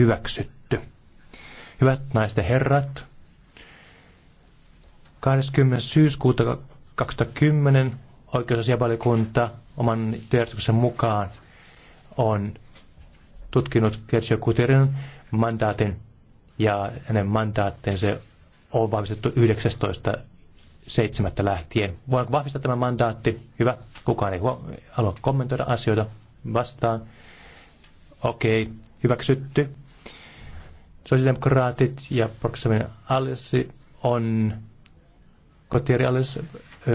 hyväksytty. Hyvät naisten herrat, 20. syyskuuta 2010 oikeusasiavaliokunta oman työjärjestyksen mukaan on tutkinut Kertsio Kuterin mandaatin ja hänen mandaattinsa on vahvistettu 19.7. lähtien. Voinko vahvistaa tämä mandaatti? Hyvä. Kukaan ei halua kommentoida asioita vastaan. Okei, hyväksytty. Sosiaalidemokraatit ja Proxemin Allianssi on Kotieri Allianssi